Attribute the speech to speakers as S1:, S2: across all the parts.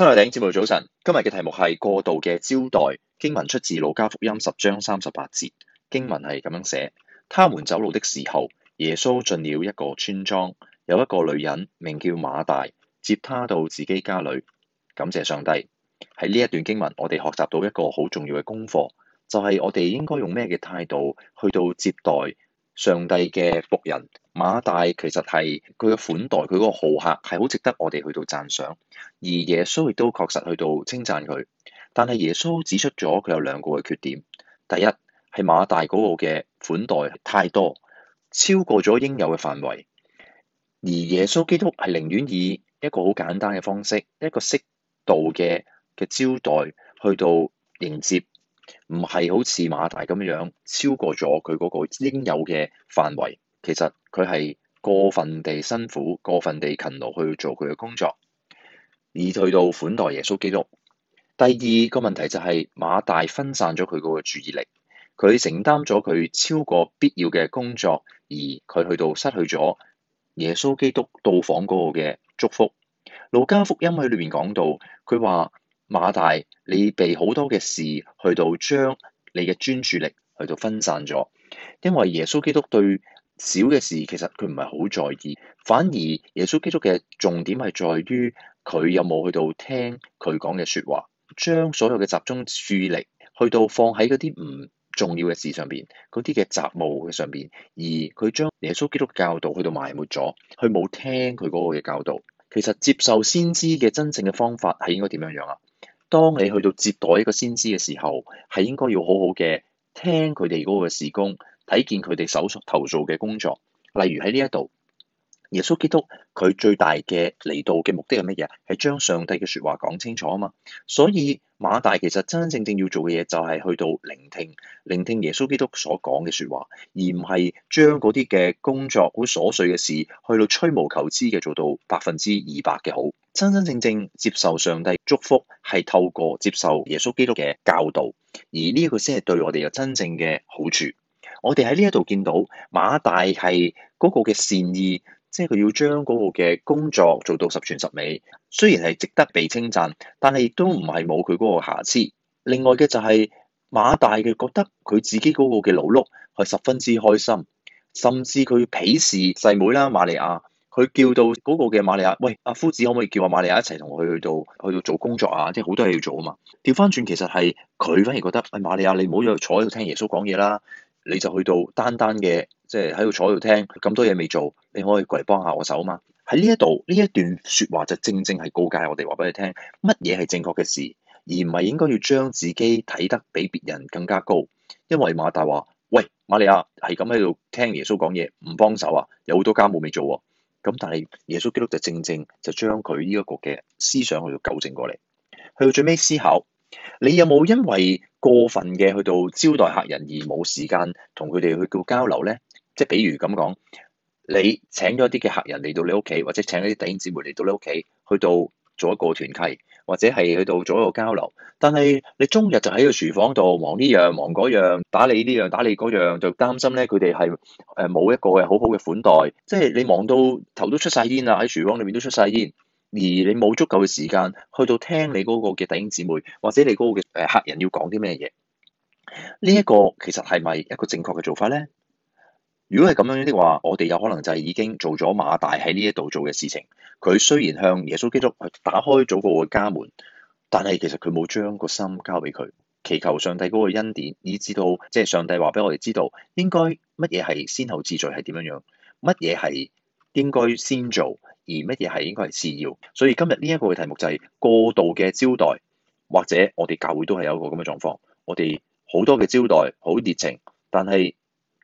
S1: 新界頂節目早晨，今日嘅題目係過度嘅招待。經文出自路加福音十章三十八節，經文係咁樣寫：他們走路的時候，耶穌進了一個村莊，有一個女人名叫馬大，接他到自己家裏，感謝上帝。喺呢一段經文，我哋學習到一個好重要嘅功課，就係我哋應該用咩嘅態度去到接待。上帝嘅僕人馬大其實係佢嘅款待，佢個豪客係好值得我哋去到讚賞，而耶穌亦都確實去到稱讚佢，但係耶穌指出咗佢有兩個嘅缺點。第一係馬大嗰個嘅款待太多，超過咗應有嘅範圍，而耶穌基督係寧願以一個好簡單嘅方式，一個適度嘅嘅招待去到迎接。唔係好似馬大咁樣超過咗佢嗰個應有嘅範圍，其實佢係過分地辛苦、過分地勤勞去做佢嘅工作，而去到款待耶穌基督。第二個問題就係、是、馬大分散咗佢嗰個注意力，佢承擔咗佢超過必要嘅工作，而佢去到失去咗耶穌基督到訪嗰個嘅祝福。路加福音喺裏面講到，佢話。馬大，你被好多嘅事去到將你嘅專注力去到分散咗，因為耶穌基督對小嘅事其實佢唔係好在意，反而耶穌基督嘅重點係在於佢有冇去到聽佢講嘅説話，將所有嘅集中注意力去到放喺嗰啲唔重要嘅事上邊，嗰啲嘅雜務嘅上邊，而佢將耶穌基督教導去到埋沒咗，佢冇聽佢嗰個嘅教導。其實接受先知嘅真正嘅方法係應該點樣樣啊？當你去到接待一個先知嘅時候，係應該要好好嘅聽佢哋嗰個事工，睇見佢哋手頭做嘅工作。例如喺呢一度，耶穌基督佢最大嘅嚟到嘅目的係乜嘢？係將上帝嘅説話講清楚啊嘛。所以馬大其實真真正正要做嘅嘢就係去到聆聽，聆聽耶穌基督所講嘅説話，而唔係將嗰啲嘅工作好瑣碎嘅事去到吹毛求疵嘅做到百分之二百嘅好。真真正正接受上帝祝福，係透過接受耶穌基督嘅教導，而呢一個先係對我哋有真正嘅好處。我哋喺呢一度見到馬大係嗰個嘅善意，即係佢要將嗰個嘅工作做到十全十美，雖然係值得被稱讚，但係亦都唔係冇佢嗰個瑕疵。另外嘅就係，馬大嘅覺得佢自己嗰個嘅勞碌係十分之開心，甚至佢鄙視細妹啦，瑪利亞。佢叫到嗰個嘅瑪利亞，喂，阿夫子可唔可以叫阿瑪利亞一齊同佢去到去到做工作啊？即係好多嘢要做啊嘛。調翻轉其實係佢反而覺得，喂、哎，瑪利亞，你唔好喺度坐喺度聽耶穌講嘢啦，你就去到單單嘅，即係喺度坐喺度聽咁多嘢未做，你可以過嚟幫下我手啊嘛。喺呢一度呢一段説話就正正係告戒我哋話俾你聽，乜嘢係正確嘅事，而唔係應該要將自己睇得比別人更加高。因為馬大話，喂，瑪利亞係咁喺度聽耶穌講嘢，唔幫手啊，有好多家務未做喎、啊。咁但係耶穌基督就正正就將佢呢一個嘅思想去到糾正過嚟，去到最尾思考，你有冇因為過分嘅去到招待客人而冇時間同佢哋去叫交流咧？即係比如咁講，你請咗啲嘅客人嚟到你屋企，或者請咗啲弟兄姊妹嚟到你屋企，去到做一個團契。或者係去到做一個交流，但係你中日就喺個廚房度忙呢樣忙嗰樣，打理呢樣打理嗰樣，就擔心咧佢哋係誒冇一個好好嘅款待，即係你忙到頭都出晒煙啦，喺廚房裏面都出晒煙，而你冇足夠嘅時間去到聽你嗰個嘅弟兄姊妹或者你嗰個嘅誒客人要講啲咩嘢，呢一個其實係咪一個正確嘅做法咧？如果係咁樣嘅話，我哋有可能就係已經做咗馬大喺呢一度做嘅事情。佢雖然向耶穌基督去打開咗個家門，但係其實佢冇將個心交俾佢祈求上帝嗰個恩典，以至到即係、就是、上帝話俾我哋知道應該乜嘢係先後次序係點樣樣，乜嘢係應該先做，而乜嘢係應該係次要。所以今日呢一個嘅題目就係、是、過度嘅招待，或者我哋教會都係有一個咁嘅狀況。我哋好多嘅招待好熱情，但係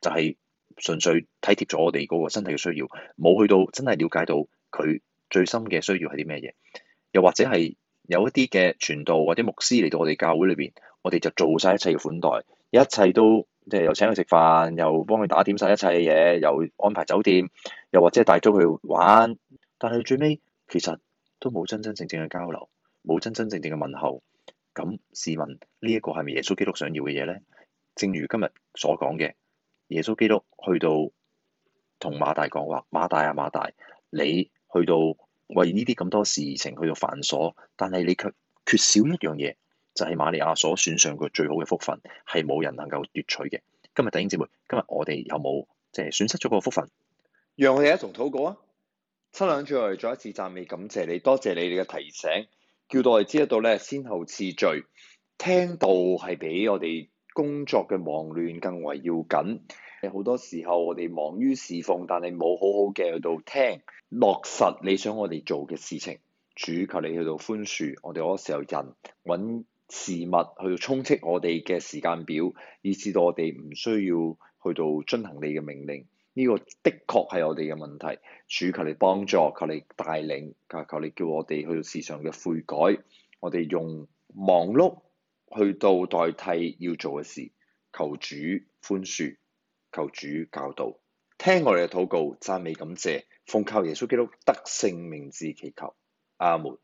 S1: 就係、是。純粹體貼咗我哋嗰個身體嘅需要，冇去到真係了解到佢最深嘅需要係啲咩嘢，又或者係有一啲嘅傳道或者牧師嚟到我哋教會裏邊，我哋就做晒一切嘅款待，一切都即係又請佢食飯，又幫佢打點晒一切嘅嘢，又安排酒店，又或者係帶咗佢去玩，但係最尾其實都冇真真正正嘅交流，冇真真正正嘅問候。咁，試問呢一個係咪耶穌基督想要嘅嘢咧？正如今日所講嘅。耶穌基督去到同馬大講話，馬大啊馬大，你去到為呢啲咁多事情去到繁瑣，但係你卻缺，缺少一樣嘢，就係瑪利亞所選上個最好嘅福分，係冇人能夠奪取嘅。今日弟兄姊妹，今日我哋有冇即係損失咗個福分？讓我哋一同禱告啊！七兩主愛，再一次讚美感謝你，多謝你哋嘅提醒，叫到我哋知得到咧先後次序，聽到係俾我哋。工作嘅忙亂更為要緊，好多時候我哋忙於侍奉，但係冇好好嘅去到聽落實你想我哋做嘅事情。主求你去到寬恕我哋嗰時候人揾事物去到充斥我哋嘅時間表，以至到我哋唔需要去到遵行你嘅命令。呢個的確係我哋嘅問題。主求你幫助，求你帶領，求求你叫我哋去到時常嘅悔改。我哋用忙碌，去到代替要做嘅事，求主寬恕，求主教導，聽我哋嘅禱告，讚美感謝，奉靠耶穌基督得勝名字祈求，阿門。